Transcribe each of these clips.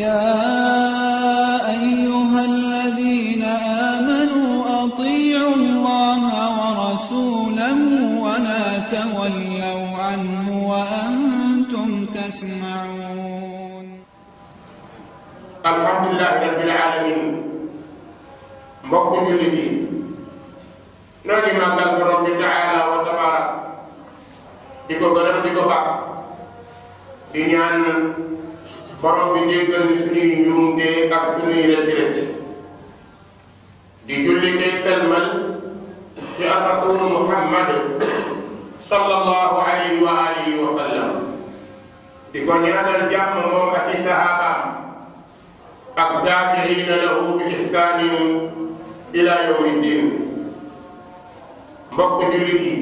يا أيها الذين آمنوا أطيعوا الله ورسوله ولا تولوا عنه وأنتم تسمعون الحمد لله رب العالمين mbokk jullit yi noo ngi màggal borom bi taala wa tabarak di ko gërëm di ko bàkk di ñaan borom bi jéggal ni suñuy njuumte ak suñuy rëcc-rëcc di julli tey selmal ci ar rasulu muhammad sallallahu alayhi wa alihi wa sallam di ko ñaanal jàmm moom ak i sahabaam ak taabiina lahu bi ihsaanin ila yawmi din mbokk jullit yi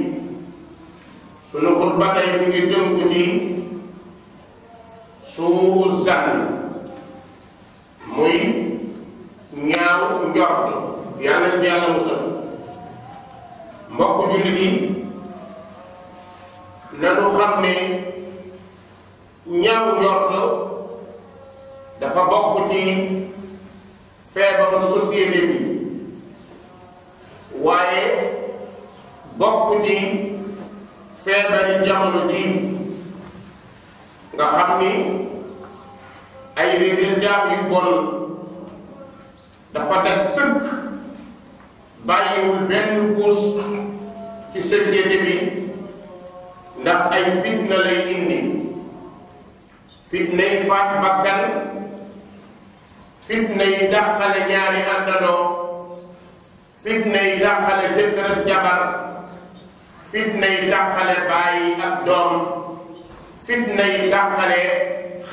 sunu xutba tey mi ngi tënku ci suu zann muy ñaaw njort yàlla ci yàlla musal mbokk jullit yi nanu xam ne ñaaw njort dafa bokk ci feebaru société bi waaye bokk ci feebari jamono ji nga xam ni ay résultats yu bon dafa daj sëkk bàyyiwul benn couche ci société bi ndax ay fitna lay indi fitna yi faat bakkan fitna yi dàqale ñaari àndandoo fitna yi dàqale jëkkër jabar fitna yi dàqale bàyyi ak doom fitna yi dàqale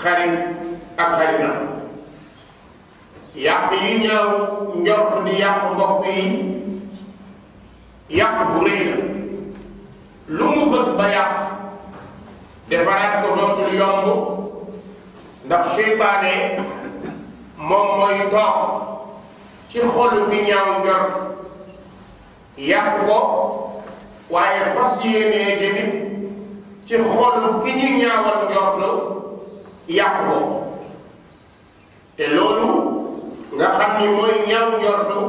xarit ak xaritam yàq yi ñëw njort di yàq mbokk yi yàq bu rëy la lu mu xës ba yàq defaraat ko dootul yomb ndax seytaane moom mooy toog ci xolu bi ñaaw njort yàq ko waaye fas yéenee tamit ci xolu bi ñu ñaawal njort yàq ko te loolu nga xam ni mooy ñaaw njortu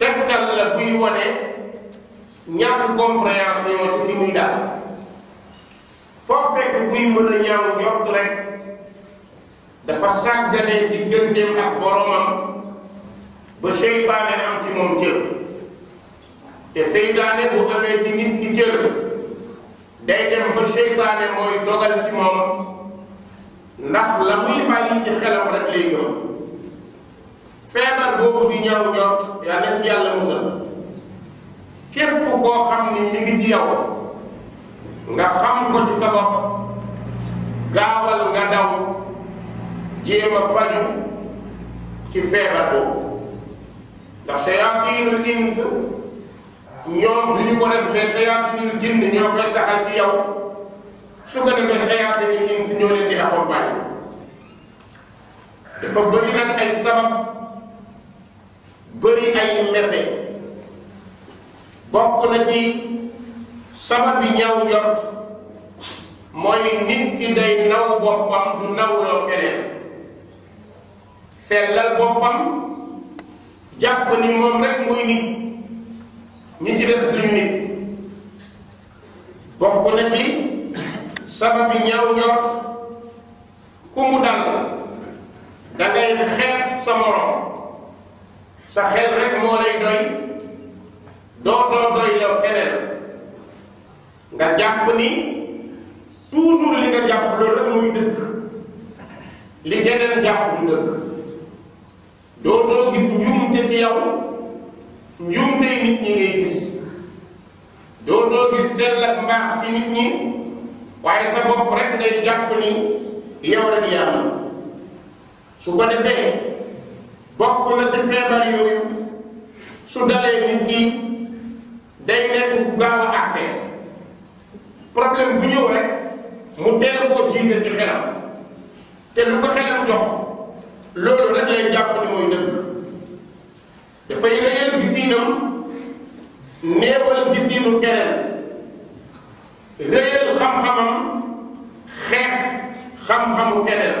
tegtal la buy wane ñàkk compréhension ci ki muy daal foo fekk buy mën a ñaaw rek dafa sàggane digganteem ak boromam ba seytaane am ci moom cër te seytaane bu amee ci nit ki cër day dem ba seytaane mooy dogal ci moom ndax la muy bàyyi ci xelam rek lay gëm feebar boobu di ñaaw ñoot yal na yàlla musal képp koo xam ni mi ngi ci yow nga xam ko ci sa gaawal nga daw jéem a faju ci feebar boobu ndax sayaatinul ins ñoom du ñu ko def mais sayaatinul jinn ñoo koy saxal ci yow su ko defee sayaan dañuy ñëw si ñoo leen di accompagner dafa bëri nag ay sabab bëri ay mefe bokk na ci sabab yi ñaaw jot mooy nit ki day naw boppam du nawloo keneen sellal boppam jàpp ni ci def duñu na ci sababi ñaaw njort ku mu dal da ngay sa morom sa xel rek moo lay doy dootoo doy lew keneen nga jàpp ni toujours li nga jàpp loolu rek muy dëkk li keneen jàpp du dëkk dootoo gis njuumte ci yow njuumte nit ñi ngay gis dootoo gis sell ak mbaax ci nit ñi waaye sa bopp rek ngay jàpp ni yow rek yaa mën su ko defee bokk na ci feebar yooyu su dalee nit ki day nekk ku gaaw a àtte problème bu ñëw rek mu teel koo jiite ci xelam te lu ko xelam jox loolu rek lay jàpp ni mooy dëgg dafay réyal gisiinam néewal gisiinu keneen réyal xam-xamam xeet xam-xamu keneen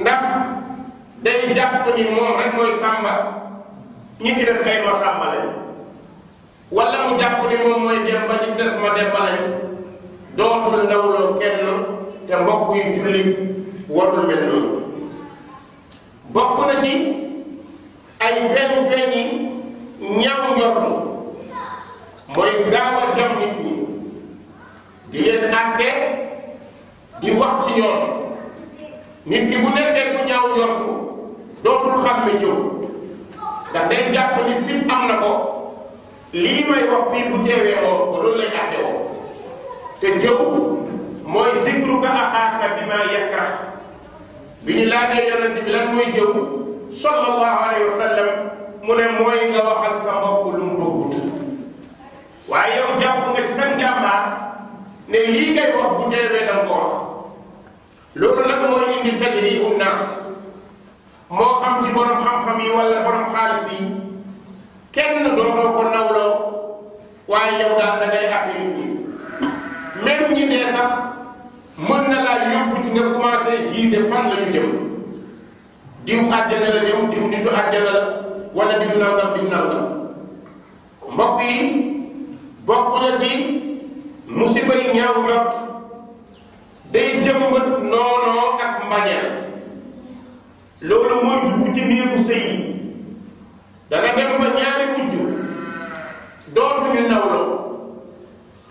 ndax day jàpp ni moom rek mooy sàmba ñi def ay ma sàmba lañ wala mu jàpp ni moom mooy demba ñi ci def ma demba dootul nawloo kenn te mbokk yu jullit warul mel noonu bokk na ci ay feeñ feeñ yi ñaaw njortu mooy gaaw a jam nit ñi di leen enquête di wax ci ñoom nit ki bu nekkee ku ñaaw yortu dootul xam ne jëw ndax day jàpp ni fit am na ko lii may wax fii bu teewee woo ko loolu lay àtte woo te jëw mooy zikru ka axaaka bi maa yakrax bi ñu laajee yonent bi lan mooy jëw sallallahu alayhi wa mu ne mooy nga waxal sa mbokk lu mu bëggut waaye yow jàpp nga ci seen jàmbaar ne lii ngay wax bu teewee nga ko wax loolu nag mooy indi tajribu naas moo xam ci borom xam-xam yi wala borom xaalis yi kenn dootoo ko nawloo waaye yow daal da ngay àtte nit ñi ne sax mën na laa yóbbu ci nga commencé jiite fan la ñu jëm diw àjjana la ñëw diw nitu àjjana la wala diw nangam diw nangam mbokk yi bokk na ci. musiba yi ñaaw njot day jëmbat noonoo ak mbañal loolu mooy dugg ci biiru sëy dana dem ba ñaari wujj dootuñu nawloo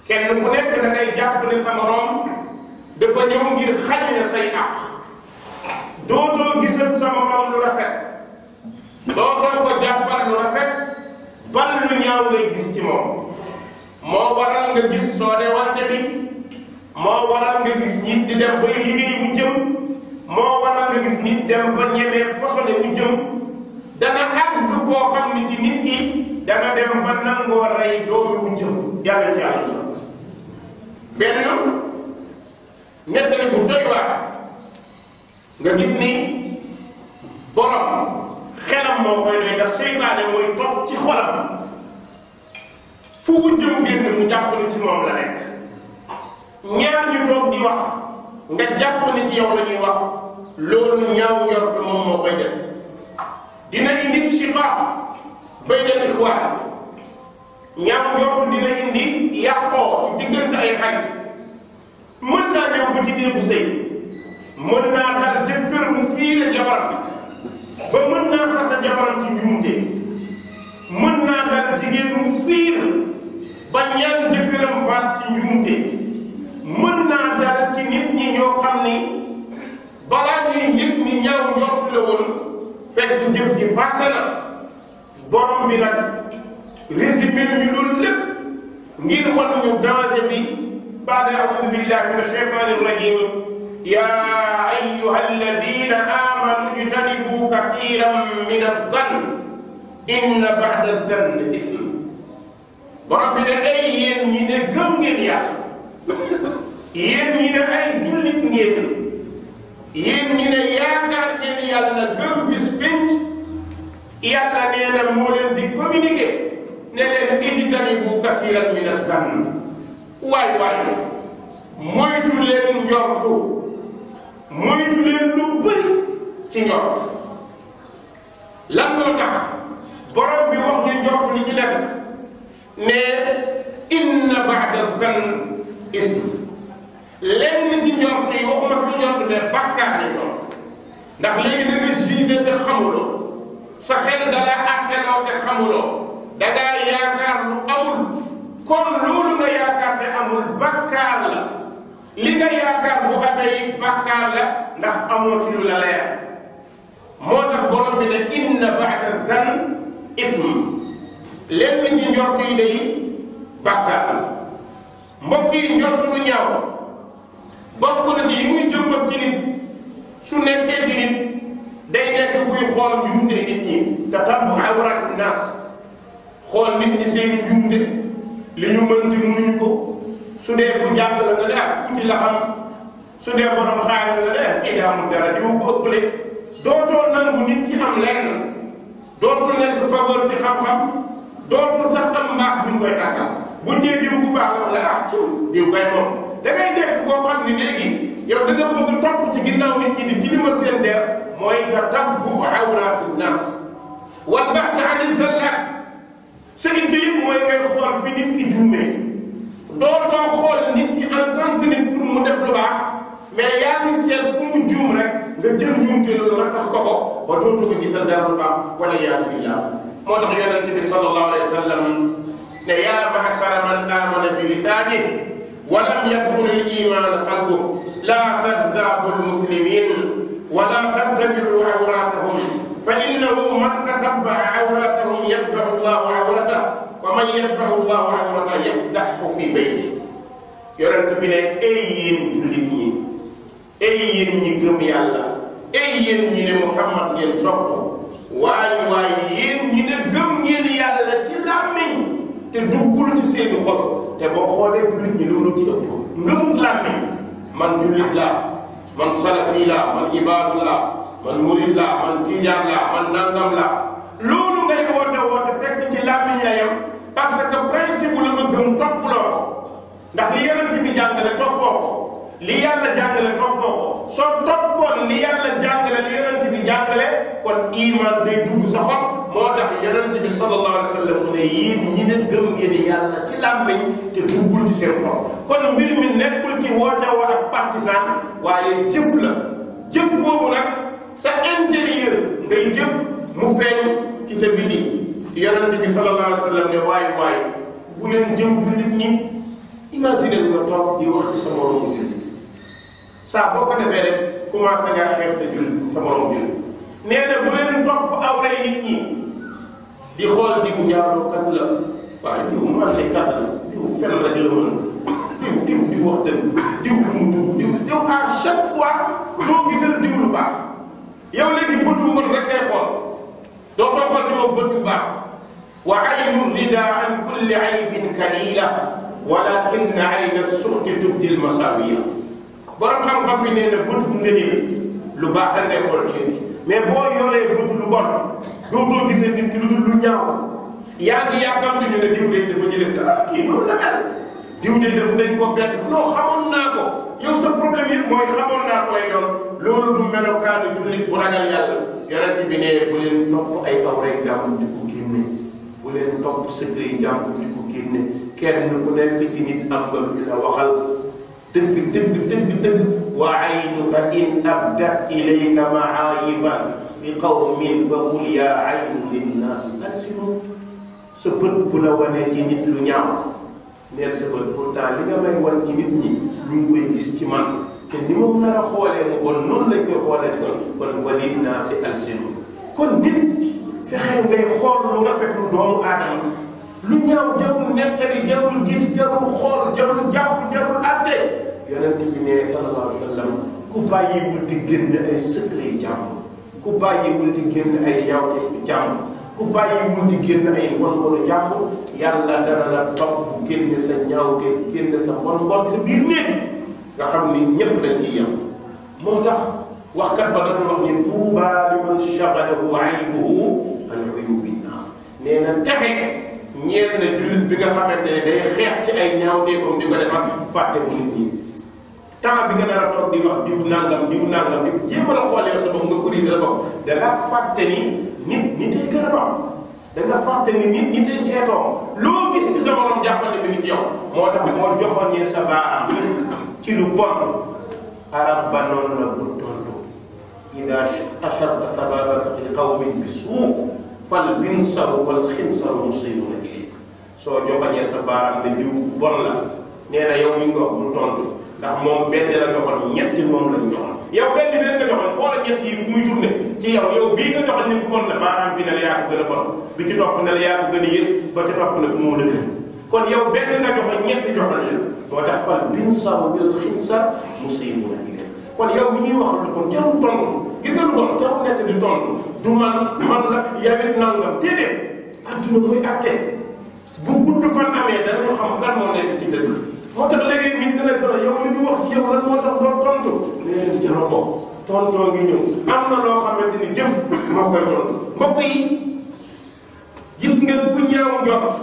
kenn mu nekk da ngay jàpp ne sa morom dafa ñëw ngir xañ na say àq dootoo gisal sa morom lu rafet dootoo ko jàppal lu rafet ban lu ñaaw ngay gis ci moom moo waral nga gis soo de wante bi moo waral nga gis nit dem bay liggéey wu jëm moo waral nga gis nit dem ba ñemee posone wu dana àgg foo xam ne ci nit ki dana dem ba nangoo rey doomi wu jëm yàlla ci yàlla benn ñettali bu doy nga gis ni borom xelam moo koy doy ndax seytaane mooy topp ci xolam fu mu jëm génn mu jàpp ne ci moom la nekk ñaar ñu toog di wax nga jàpp ne ci yow la ñuy wax loolu ñaaw njort moom moo koy dina indi shiqaaq baynal ixwaan ñaaw njort dina indi yàqoo ci diggante ay xaj mën naa ñëw ba ci néegu sëy mën naa daal jëkkër mu fiire jabaram mën naa xata jabaram ci njuumte naa daal jigéen mu fiir ba ñaan jëkkëram baat ci njuumte mën naa dal ci nit ñi ñoo xam ni balaa ñuy yëg ni ñaaw njort la woon fekk jëf ji passé na borom bi nag résumé ñu loolu lépp ngir wan ñu danger bi baada audu billahi min ashaytani rajim ya ayuha alladina amanu ijtanibu kathiran min addan inna ba'da addan ism borom bi ne ay yéen ñi ne gëm ngeen yàlla yéen ñi ne ay jullit ngeen yéen ñi ne yaakaar ngeen gëm bis yàlla nee na moo leen di communiquer ne leen ijtanibu kasiran min azann waay waay moytu leen njortu moytu leen lu bëri ci njort lan moo tax borom bi wax ñu njort li ci lekk mais inna baada zann ism lenn ci njort waxuma sax njort mais bàkkaar yi ndax léegi da nga te xamuloo sa xel da la xamuloo da yaakaar lu amul kon loolu nga yaakaar ne amul bàkkaar la li nga yaakaar bu amee bàkkaar la ndax amoo lu la leer moo tax borom bi ne inna baada zann ism lenn ci njort yi day bàkkaar la mbokk yi njort lu ñaaw yi muy su nekkee ci nit day nekk kuy xool njuumte nit ñi te tabu awraati naas xool nit ñi seeni njuumte li ñu mënti mënuñu ko su dee bu jàng la nga ne ak ah, tuuti la xam su dee borom xaalis nga ne ak ah, kii daamul dara di ko ëppale dootoo nangu nit ki am lenn dootul nekk faveur ci xam-xam dootul sax am mbaax buñ koy tàggal buñ nee diw bu baax la ah ci diw bay moom da ngay nekk koo xam ne léegi yow da nga bëgg topp ci ginnaaw nit ñi seen der mooy nga tabbu awraatu naas wal bahs ani dallat sëriñ bi yëpp mooy ngay xool fi nit ki juumee dootoo xool nit ki en tant que nit mu def lu baax yaa ngi seet fu juum rek nga jël njuumte loolu nga tax ko ko ba dootoo ko gisal dara lu baax wala yaa ngi moo tax yonente bi sallallahu alayhi wa sallam ne yaa ma'shara man aamana bi lisaanihi wa lam yadkhul al-iimaanu qalbuhu laa tazdaadu al-muslimiin wa laa tattabi'uu awraatahum fa innahu man tatabba'a awraatahum yatba'u Allahu awratahu wa man yatba'u Allahu awratahu yafdahu fii baytihi yonente bi ne ay yéen jullit ñi ay yéen ñi gëm yàlla ay yéen ñi ne Muhammad ngeen sopp waaye waaye yéen ñi ne gëm ngeen yàlla ci làmmiñ te duggul ci seeni xol te boo xoolee jullit ñi loolu ci ëpp ngëmul làmmiñ man jullit laa man salafi laa man ibaadu laa man murid laa man tiijaan laa man nangam laa loolu ngay woote woote fekk ci làmmiñ la yem parce que principe la nga gëm topp loo ko ndax li yeneen bi jàngale toppoo ko li yàlla jàngale toppoo ko soo toppoon li yàlla jàngale li yonent bi jàngale kon iman day dugg sa xol moo tax yonent bi sallallahu alayhi wa sallam mu ne yéen ñi ne gëm ngeen yàlla ci làmmiñ te duggul ci seen xol kon mbir mi nekkul ci woote wa ak partisan waaye jëf la jëf boobu nag sa intérieur ngay jëf mu feeñ ci sa biti yonent bi sallallahu alayhi wa sallam ne waayu waayu bu leen jëw du nit ñi imaginer nga toog di wax ci sa moromu jullit saa boo ko defee rek commencé ngaa xeeb sa jullit sa morom jullit nee na bu leen topp awray nit ñi di xool diw njaalookat la waaye diw màndekat la diw fen rek la mën diw diw diw wax dëgg diw fu mu dugg diw diw à chaque fois moo gisal diw lu baax yow léegi bëtu mbon rek ngay xool doo ko di moom bët bu baax wa aynu rida an kulli aybin kalila walakin ayna suxti tubdil masawiya borom xam-xam bi nee na bëtu ngëneel lu baax da ngay xool ci nit mais boo yoree bëtu lu bon dootoo gisee nit ki lu dul lu ñaaw yaa ngi yàkkamti ñu ne diw de dafa jëlee dara kii loolu diw de dafa dañ ko bett non xamoon naa ko yow sa problème yëpp mooy xamoon naa koy doon loolu du melokaanu jullit bu ragal yàlla yonent bi ne bu leen topp ay aw rek jàmm di ko génne bu leen topp secret jàmm di waxal dëgg dëgg dëgg dëgg wa aynuka in abdat ilayka maayiban bi qawmin fa qul yaa aynu linnaasi ansiru sa bët bu la wanee ci nit lu ñaaw neel sa bët pourtant li nga may wan ci nit ñi ñu ngi koy gis ci man te ni moom nar a xoolee mu bon noonu lañ koy xoolee kon kon wa linnaasi ansiru kon nit fexee ngay xool lu rafetlu doomu aadama lu ñaaw jarul nettali jarul gis jarul xool jarul jàpp jarul àtte yonent bi ne sallallahu alayhi wa sallam ku bàyyiwul di génn ay secret jàmm ku bàyyiwul di génn ay ñaawteefu jàmm ku bàyyiwul di génn ay mbon-mbonu jàmm yàlla dana la topp génn sa ñaawteef génn sa mbon-mbon sa biir néeg nga xam ni ñépp lañ ciy yem moo tax waxkat ba doon wax ni tuubaa liman shagalahu aybuhu an uyubi nnaas nee na texe ñeent na jullit bi nga xamante ne day xeex ci ay ñaaw téefam di ko defar fàtte ko nit ñi temps bi nga nar a toog di wax diw nangam diw nangam diw jéem a la xoolee sa bopp nga corrigé sa bopp da nga fàtte ni nit ñi day gën a dox da nga fàtte ni nit ñi ci sa borom jàppale bi ngi ci yow moo tax moo joxoon sa baaraam ci lu bon arab ba noonu la bu tontu ida ashadta sababaka li qawmin bi soo joxoñee sa baaraam ne diw bon la nee na yow mi ngi ko wax bul ndax moom benn la joxoon ñetti bi rek nga joxoon xoola ñett bon la baaraam bi ne la yaa ko gën a bon bi ci a yées ba ci topp nag moo la gën kon yow benn nga joxoon ñetti joxoon leen moo tax fal binsaru bil xinsar kon yow mi ñuy wax lu ko jarul tontu gis nga lu bon jarul nekk di tontu du man man la yawit nangam déedéet adduna mooy attee bu gudd fan amee danañu xam kan moo nekk ci dëkk moo tax léeg-léeg nit dina ko yow li ñu wax ci yow lan moo tax doon tontu nee leen jaru ko tontoo ngi ñëw am na loo xamante ni jëf moo koy tontu mbokk yi gis nga ku ñaaw njort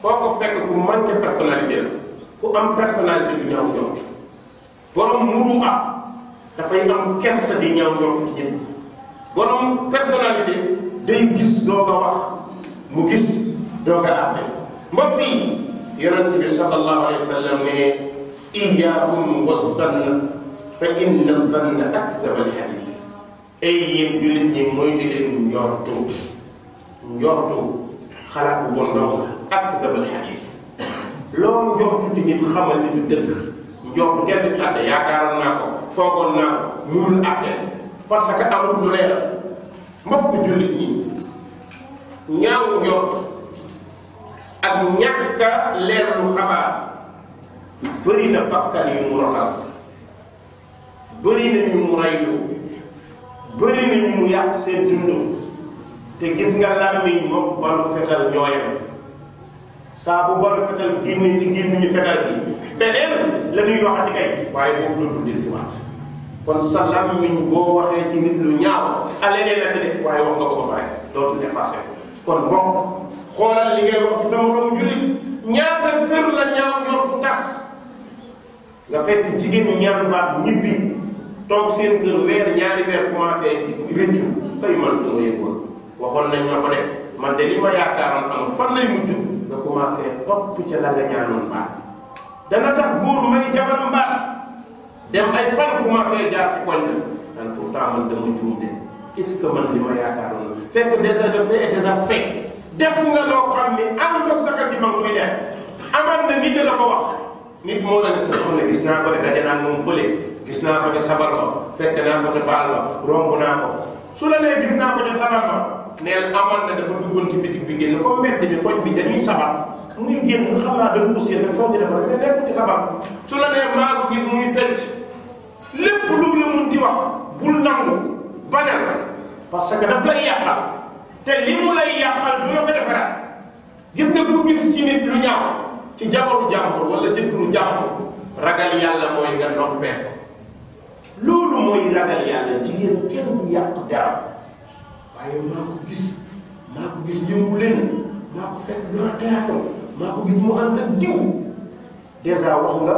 foo ko fekk ku manqué personnalité la ku am personnalité du ñaaw njort borom muru ah dafay am kersa di ñaaw njort ci ñëpp borom personnalité day gis doo ko wax mu gis doo ko àtte mbokk yi yonent bi sallallahu alayhi wa sallam ne iyyaakum wa zann fa inna zanna akdaba alhadis ay yéen jullit ñi moytu leen njortu njortu xalaat bu bon dong akdaba alhadis loolu njortu ci nit xamal ni du dëgg kenn du àtte yaakaaroon naa ko foogoon naa ko mënul àtte parce que amul lu leer mbokk jullit ñi ñaaw njortu ak ñàkk a leerlu xabaar bëri na bakkan yu mu rotal bëri na ñu mu raylu bëri na mu yàq seen dund te gis nga làmmiñ moom balu fetal ñooyam saa bu balu fetal génne ci gémmiñu fetal bi beneen la ñuy waxati kay waaye boobu la tuddee si waat kon sa làmmiñ boo waxee ci nit lu ñaaw ale ne la te waaye wax nga ko ba pare dootul effacé kon bokk xoolal li ngay wax ci sa moromu jullit ñaata kër la ñaaw ñortu tas nga fekk jigéen ñi ñaan ñibbi toog seen kër weer ñaari weer commencé rëccu ay man sama yëngoon waxoon nañ ma ko man de li ma yaakaaroon am fan lay mujj nga commencé topp ca la nga ñaanoon baat dana tax góor may jabar mbaat dem ay fan commencé jaar ci koñ la pourtant man dama juum de est-ce que man li ma yaakaaroon fekk déjà dafay déjà fait def nga loo xam ne am doog sa kati ma ngi koy def amal na nit la ko wax nit moo la ne sa soxna gis naa ko de daje naa moom fële gis naa ko ca sabar ba fekk naa ko ca baal ba romb naa ko su la nee gis naa ko ca sabar ba neel bi génn comme mbedd mi koñ bi dañuy sabar muy génn xam naa dañ ko seen rek foog ñu defal mais nekk ci sabar su la nee maa ko gis muy fecc lépp lu mu la mun di wax bul nangu bañal parce que daf lay yàqal te li mu lay yàqal du la ko defaraat gis gis ci nit lu ñaaw ci jabaru jàmbur wala jëkkëru jàmbur ragal yàlla mooy nga noppee ko loolu mooy ragal yàlla jigéen kenn du yàq dara waaye maa ko gis maa gis yëngu leen maa ko fekk grand théâtre maa gis mu ànd ak diw dèjà wax nga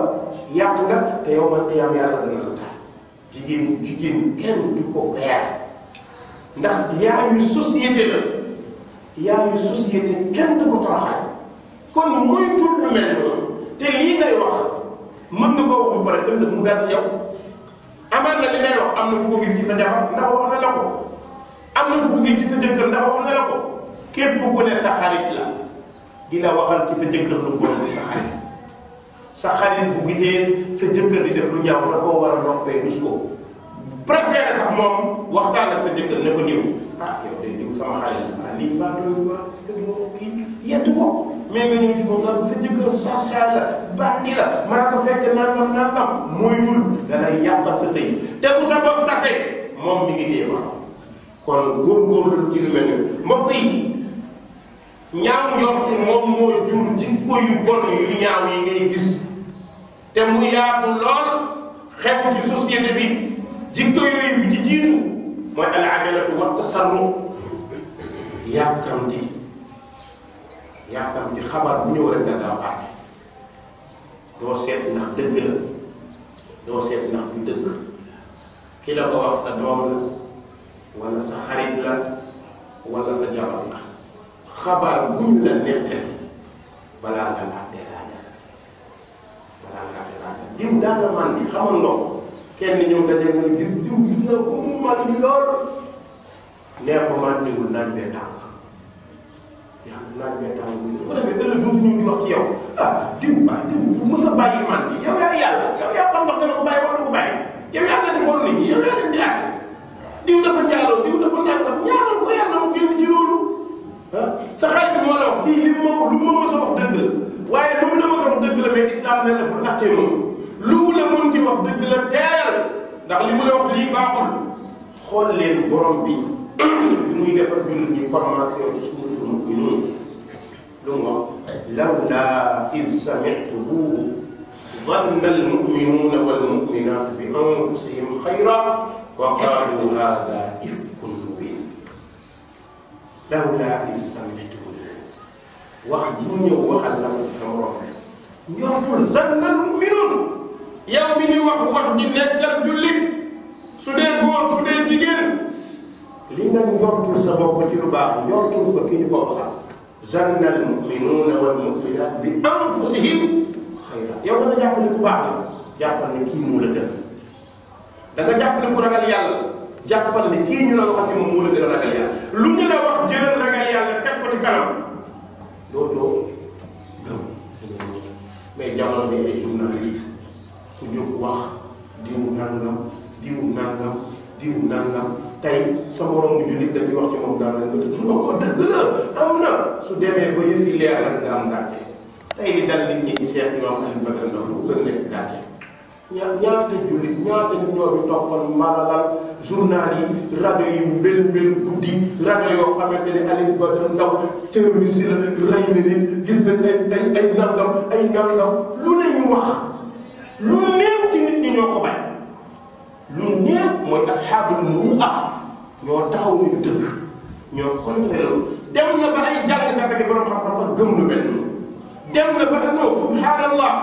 yàq nga te yow man te yam yàlla dana la taal jigéen jigéen kenn du ko weer ndax yaayu société la yaayu société kenn du ko toroxal kon mooy tur lu mel noonu te lii ngay wax mën nga koo wax bu pare mu dal ci yow amaan na li ngay am na ku ko gis ci sa jabar ndax wax na la ko am na ku ko gis ci sa jëkkër ndax wax na la ko képp ne sa xarit la di la waxal ci sa jëkkër lu bon sa xarit sa xarit bu gisee sa jëkkër di def lu ñaaw la koo war a noppee gis ko préféré sax moom waxtaan ak sa jëkkër ne ko diw ah, ah yow day diw sama xaalis ah lii baa doyul waa est sa jëkkër sacha la bandi la maa ko fekk nangam nangam moytul danay yàqal sa sëy te bu sa bopp taxee moom mi ngi dee wax kon góorgóorlu ci lu mel ñaaw yor ci moom moo jur jikko yu bon yu ñaaw yi ngay gis te mu yaatu lool xew ci société bi jikko yooyu bi ci jiitu mooy al ajalatu wa tasarru yàkkamti yàkkamti xabaar bu ñëw rek nga gaaw doo seet ndax dëgg la doo seet ndax du dëgg ki la sa doom la wala sa xarit la wala sa jabar la xabaar buñ la nettali balaa nga àtte laajal balaa nga àtte laajal di xamal loo kenn ñëw daje mu gis jiw gis na ko mu mag di lool nee ko man niwul naaj bee tàng yaa naaj bee tàng bu ko defee ëllëg dootu ñu di wax ci yow ah diw ah diw bu mës a bàyyi man bi yow yaa yàlla yow yaa xam ndax dana ko bàyyi wala du ko bàyyi yow yaa la ci xool nit ñi yow yaa dem di àgg diw dafa njaaloo diw dafa nangam ñaanal ko yàlla mu génn ci loolu ah sa xarit bi moo la wax kii li ma ko lu ma mës a wax dëgg la waaye lu mu la mës a wax dëgg la mais islam lu mu la mën di wax dëgg la teel ndax li mu la wax lii baaxul xool leen borom bi li muy defal jullit ñi formation ci suuratul mu'minuun lu mu wax lawlaa iz sami'tumuuhu danna al-mu'minuuna wal-mu'minaatu bi anfusihim xayran wa qaaluu haadaa ifkun mubiin lawlaa iz sami'tumuuhu wax ji mu ñëw waxal la ko sama borom njortul zanna al-mu'minuun yow mi di wax wax di nekkal jullit su dee góor su dee jigéen li nga njortul sa bopp ci lu baax njortul ko ki ñu ko waxal zanna al muminuuna da nga jàpp ne ku baax la jàppal ne kii la gën da ragal yàlla jàppal ne kii ñu la waxati moom moo la gën a ragal yàlla lu ñu la ku jóg wax diw nangam diw nangam diw nangam tey sa moromu jullit dañuy wax ci moom daal lañ ko dëgg wax su demee ba yëf yi leer nag daam gàcce tey di dal nit ñi ci Cheikh Imam Alioune Badara Ndao lu ko yi rajo yi mbël mbël guddi rajo yoo xamante ne Alioune Badara Ndao terroriste la rey wax. lu néew ci nit ñi ñoo ko bañ lu néew mooy asxaabul mu am ñoo taxaw ni ñu dëgg ñoo contre loolu na ba ay jàngkat ak borom xam-xam sax gëm lu mel noonu dem na ba no subhaanallah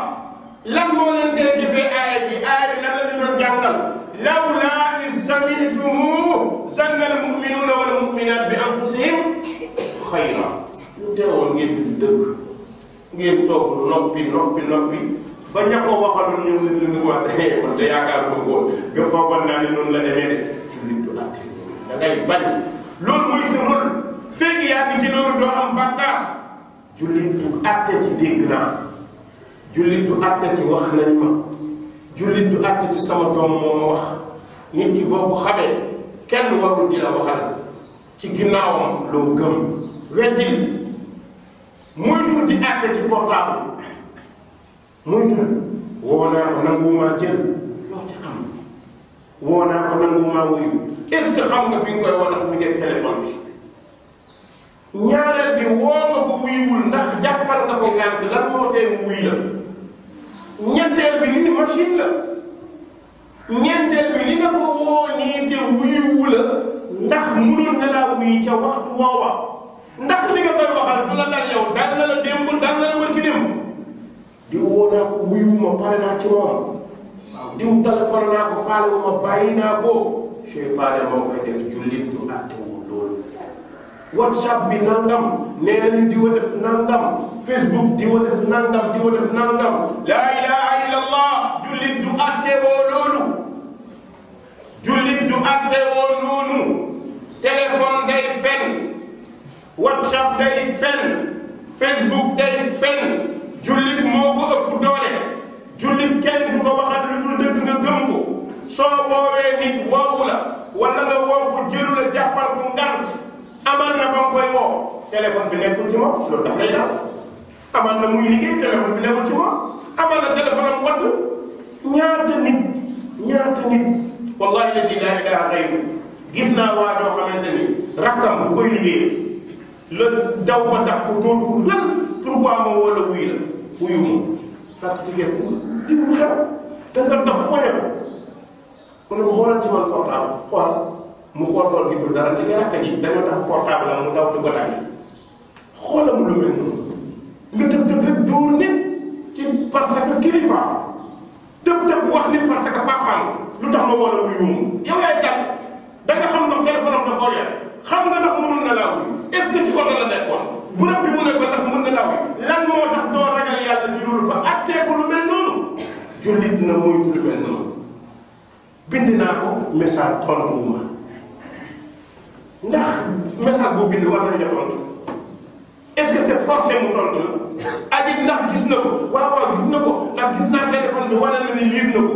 lan moo leen dee jëfee aaya bi aaya bi lan la ñu doon jàngal lawlaa iz sami'tumuuhu zanna al-mu'minuuna wal mu'minaat bi anfusihim xayran teewoon ngeen gis dëgg ngeen toog noppi noppi noppi ba ña ko waxaloon ñoom lañ la ko waxee eh, man te yaakaar ko woon nga foogoon naa ne noonu la demee de nit du àtte da ngay bañ loolu mooy sa rôle fekk yaa ngi ci loolu doo am bàkkaar jullit du sama doom moo ma wax nit ki boo ko xamee kenn warul di la waxal ci ginnaawam loo gëm weddil muy tuuti àtte ci portable moytu na woo naa ko nanguwumaa jël loo ci xam woo naa nanguwumaa wuyu est-ce xam nga bi nga koy woo ndax mu ngeen téléphone bi ñaareel bi woo nga ko wuyuwul ndax jàppal nga ko ngànt lan moo tee mu wuy la ñetteel bi lii machine la ñeenteel bi li nga ko woo nii te wuyuwu la ndax mënul na laa wuy ca waxtu woowa ndax li nga koy waxal du la dal yow dal na la diw woo naa ko wuyuwuma pare naa ci moom waaw diw téléphone naa ko faalewuma bàyyi naa ko seytaane moo koy def jullit du àttewul loolu whatsapp bi nangam nee nañu diwa def nangam facebook diwa def nangam diwa def nangam laa ilaha illa allah jullit du àttewoo loolu jullit du àttewoo noonu téléphone day fen whatsapp day fen facebook day fen jullit moo ko ëpp doole jullit kenn du ko waxal lu dul dëgg nga gëm ko soo woowee nit woowu la wala nga woo ko jëlu la jàppal ko ngant amal na ba koy woo téléphone bi nekkul ci ci moom amal na téléphone am watt ñaata nit ñaata nit wallahi la laa ilaaha xayru gis naa waa doo xamante ni rakkam bu koy liggéey la daw ba tax ko dóor ko woo la wuy la wuyu mu tàkk ci gees diw xew da nga dox wane ko mu ne mu xoolal man portable mu xool xool gisul dara mu lu mel noonu nga tëb tëb rek dóor nit ci parce que kilifa tëb wax nit parce que lu tax ma woo la wuyu mu yow yaay tàkk da nga xam ne téléphone am xam nga ndax mënoon na laaw est ce que ci oto la nekkoon. borom bi mu ne ko ndax mën na laaw lan moo tax doo ragal yàlla ci loolu ba attee ko lu mel noonu. jullit na moytu lu mel noonu. bind naa ko message tontuwuma ndax message boo bind war nañ ca tontu est ce que mu tontu la. ajit ndax gis na ko waaw gis na ko ndax gis naa téléphone bi wane ni liir na ko.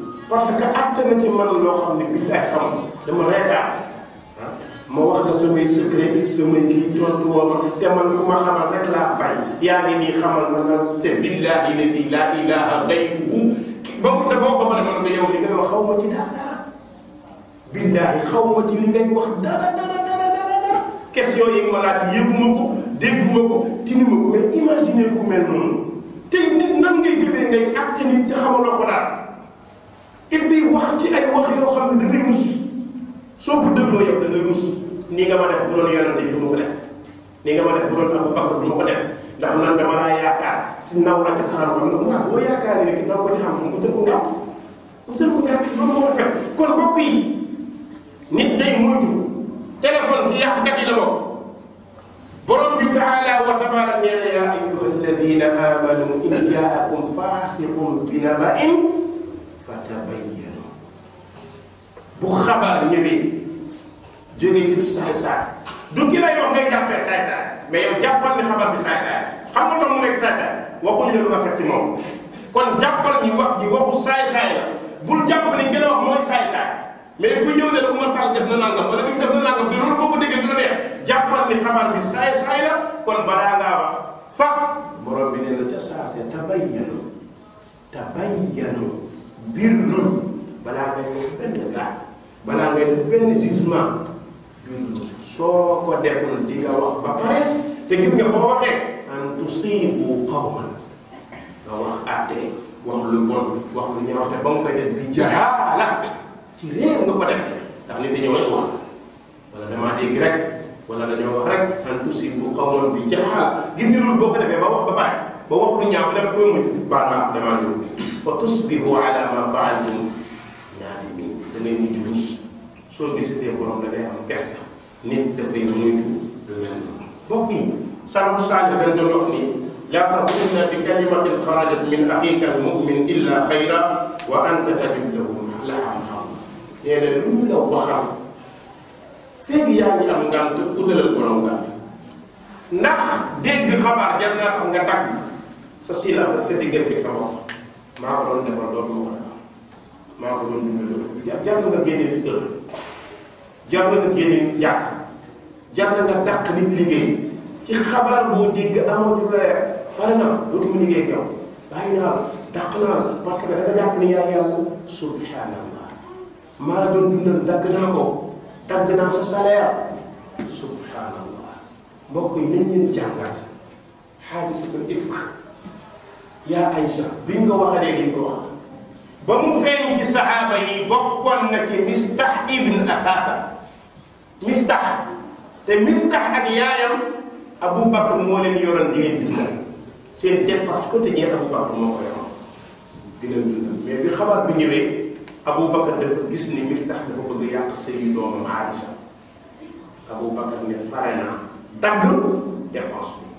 parce que àtte na ci man loo xam ne billaay xam dama reetaan ah ma wax la samay secret samay kii tontu woo ma te man ku ma xamal rek laa bañ yaa ngi nii xamal ma na te billaahi ladi laa ilaaha gayruhu ba mu defoo ba ko yow li ma ci dara billaahi xaw ma ci ma laaj yëguma ko daal. ibbi wax ay wax yoo xam ne da ngay rus soo ko dégloo yow da ngay rus nii nga ma def bu doon yonante bi du ma ko def nii nga ma def bu doon Abu Bakar du ma ko def ndax man dama la ci xam-xam nga waaw boo yaakaaree rek naw ko ci xam-xam mu tënk ko gàtt mu tënk ko gàtt moo rafet kon mbokk yi nit day moytu téléphone ci yàqkat yi la bokk borom bi na yaa in fatabayyanu bu xabaar ñëwee jóge ci du saay saay du ki la yoon ngay jàppee saay saay mais yow jàppal ni xabaar bi saay saay xam nga doom mu nekk saay saay waxuñu lu rafet ci moom kon jàppal ni wax ji waxu saay saay la bul jàpp ni ngeen mooy saay saay mais ku ñëw ne la Oumar Sall def na nangam wala bi mu def na nangam te loolu boo ko déggee du la neex jàppal ni xabaar bi saay saay la kon balaa ngaa wax fa borom bi ne la ca saate tabayyanu tabayyanu biir loolu balaa ngay def benn gaal balaa ngay def benn gisement biir soo ko deful li nga wax ba pare te gis nga boo waxee an tusibu qawman nga wax àtte wax lu bon wax lu ñaaw te ba nga koy def bi jahaala ci réew nga ko def ndax nit rek wala dañoo wax rek an tusibu qawman bi jahaala ba wax lu ñaaw dama foo mujj baal ma damaa ñëw fa tusbihu ala ma faaltum naadimin da ngay mujj rus soo gisatee borom da ngay am kersa nit daf lay moytu lu mel noonu mbokk yi sànq Sadio dañ doon wax ni laa taxuunna bi kalimatin xarajat min axiika al mumin illa xayra wa anta tajib lahu laam xam nee na lu ñu la waxal feeg yaa ngi am ngànt utalal borom ndax dégg xabaar jar naa tax nga tàgg sa siila la sa diggante sa bopp maa ko doon ma ko defal maa ko doon dundal jà jàpp nga génne ci kër jàpp nga génne jàkk jàpp nga dàq nit liggéey ci xabaar boo dégg amatu leer pare naa la dàq naa ko dagg naa sa salaire subhanallah mbokk yi nañ leen jàngaat xaadisatul ifk yaa Aïcha biñ ko waxalee dañ ko wax ba mu feeñ ci saxaaba yi bokkoon na ci Mistah ibn Asasa Mistah te Mistah ak yaayam Abu Bakr moo leen yoroon di leen dundal seen dépense quotidienne Abu Bakr moo ko yoroon di leen dundal mais bi xabaar bi ñëwee Abu dafa gis ni Mistah dafa bëgg yàq sëyu doomam Aïcha Abu Bakr ne pare naa dagg dépense bi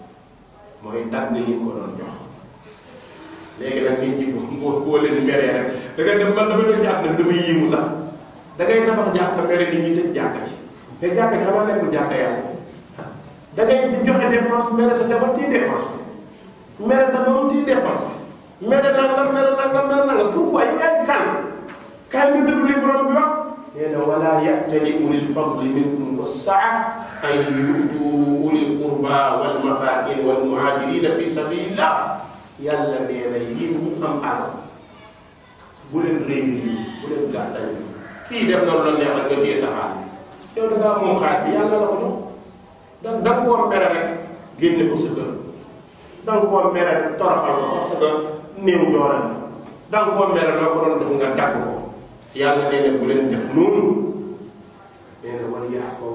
mooy dagg li ko doon jox. léegi nag nit ñi boo boo leen meree rek da ngay dem man damay doon jàpp nag damay yéemu sax da ngay tabax jàkka mere nit ñi tëj jàkka ci te jàkka ji xamal nekkul jàkka yàlla da ngay di joxe dépense mere sa jabar téye dépense bi mere sa bi mere nangam mere nangam mere nangam pourquoi yi ngay kal kaay nga déglu li borom bi wax nee na wala ya'tali ulil fadli minkum was-sa'a an yu'tu ulil qurba wal masakin wal muhajirina fi sabilillah yàlla nee na yéen ñi am alal bu leen rëy rëy bu leen gàttal ñu kii def na lu neex ak nga téye sa xaalis yow da ngaa moom xaaj rek génne ko sa kër da nga ko mere rek toroxal néew doole na da nga ko mere def nga dagg ko yàlla nee bu leen def noonu nee na wala yaa ko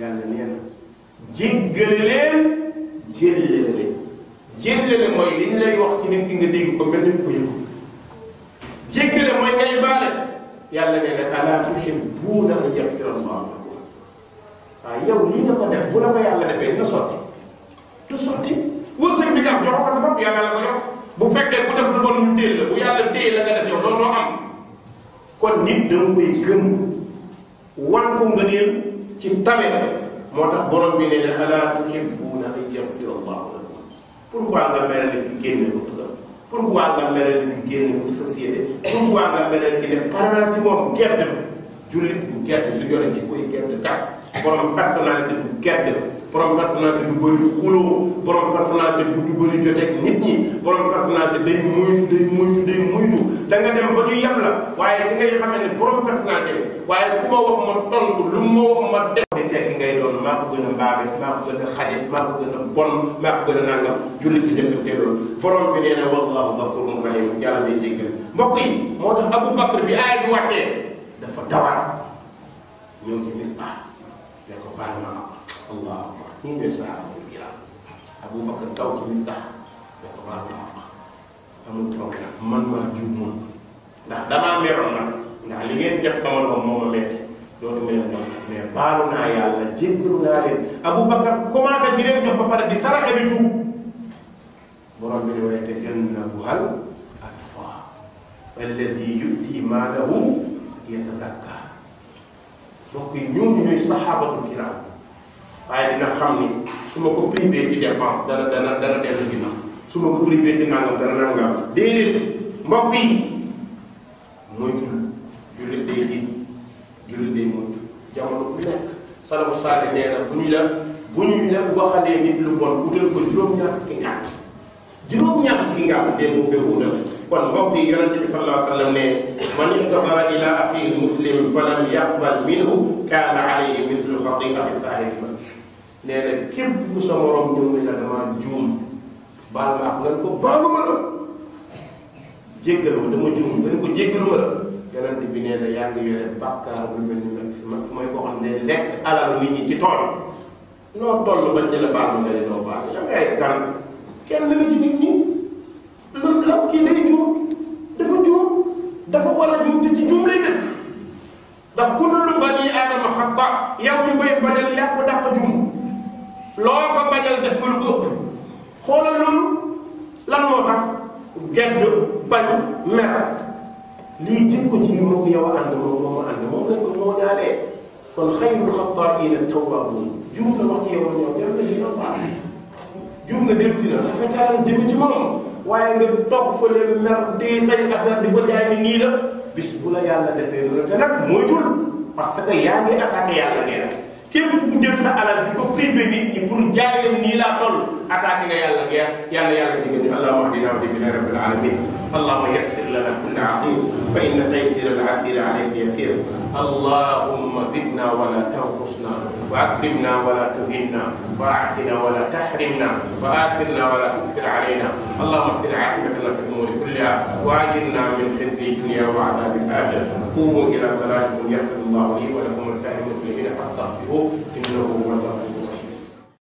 yàlla nee na jéggale leen jéggale mooy li ñu lay wax ci nit ki nga dégg ko mel ni ko yëgu jéggale mooy yàlla nee na alaa tuhibbuuna bu la ko nga am joxoo yàlla la ko jox bu fekkee def lu bon nga def yow dootoo am kon nit da koy gëm wan ko nga neel ci tawe moo tax borom bi nee na alaa tuhibbuuna pourquoi nga mereel bi génne ko turam pourquoi nga mereel bi génne ko société pourquoi nga mereel ki ne par ci moom gerte jullit bu gerte du yore ci koy gerte kat borom personnalité bu gedd borom personnalité bu bëri xuloo borom personnalité bu du bëri joteeg nit ñi borom personnalité day moytu day day moytu da nga dem ba ñu yem la waaye ne ma wax ma tontu lu ma wax gën a mbaabe maa ko gën a xaje maa ko a bon gën a nangam jullit bi def te borom bi nee na wallahu gafurun rahim yàlla day jéggal mbokk yi moo tax Abu Bakr bi aay bi wàccee dafa dawal ñëw ci ne ko baal ma allahu akbar ñu ne saarabul biram abubakar daw ci mistax ne ko baal ma ak amul problème man maa juumoon ndax damaa meroon nag ndax li ngeen def sama loxo moo ma metti loolu mel noonu mais baalu naa yàlla jéggalu naa leen abubakar commencé di leen jox ba pare di saraxe bi tuub borom bi ne waaye te jannabuhal atqaa alladi yutti maalahu yatadakka donc ñooñu ñooy saxaabatul kiraam waaye dina xam ni su ma ko privé ci dépense dana dana dana dellu ginnaaw su ma ko privé ci nangam dana nangam déedéet mbokk yi moytul jullit day jiit jullit day moytu jamono bu nekk salamu saali nee na bu ñu la bu ñu la waxalee nit lu bon utal ko juróom-ñaar fukki ngàtt juróom-ñaar fukki ngàtt dee mu béwu na kon mbokk yi yonent bi sallallahu wa sallam ne man intazara ila axi muslim fa lam yaqbal kaana alayhi mislu xatiati saahibihi nee na képp ku sa morom ñëw ne la dama juum baal ma ak nga ko baalu ma la jéggal ma a juum nga ko jéggalu ma bi nee na yaa ngi yore bàkkaar bu mel ma fu ko xam ne lekk alal nit ñi ci tool noo toll bañ ne la baal ma nga ne doo baal yaa ngay kan kenn ñi lan lan kii day juum dafa juum dafa war a juum te ci juum lay dëkk ndax kullu bani aadama xata yow mi koy bañal yaa ko dàq juum loo ko bañal def ko lu ko ëpp xoolal loolu lan moo tax gedd bañ mer lii jikko ci moo ko yow a ànd moom moo ma ànd moom lañ ko moo ñaalee kon xayrul xataa'iina tawwaabuun juum na wax ci yow a ñëw yàlla dina baax juum na dellusi na dafa taaral jëm ci moom waaye nga toog fële mer di say affaire di ko jaay ni nii bis bu la yàlla defee loolu te nag moytul parce que yaa ngi attaqué yàlla nee na képp ku jël sa alal di ko privé nit ñi pour jaay leen nii laa toll attaqué nga yàlla geer yàlla yàlla digal ñu allahumma ahdina wa ihdina rabbil alamin اللهم يسر لنا كل عسير فإن تيسير العسير عليك يسير اللهم زدنا ولا تنقصنا وأكرمنا ولا تهنا وأعتنا ولا تحرمنا وآثرنا ولا تؤثر علينا اللهم سر عاقبتنا في الأمور كلها وأجرنا من خزي الدنيا وعذاب الآخرة قوموا إلى صلاتكم يغفر الله لي ولكم ولسائر المسلمين فاستغفروه إنه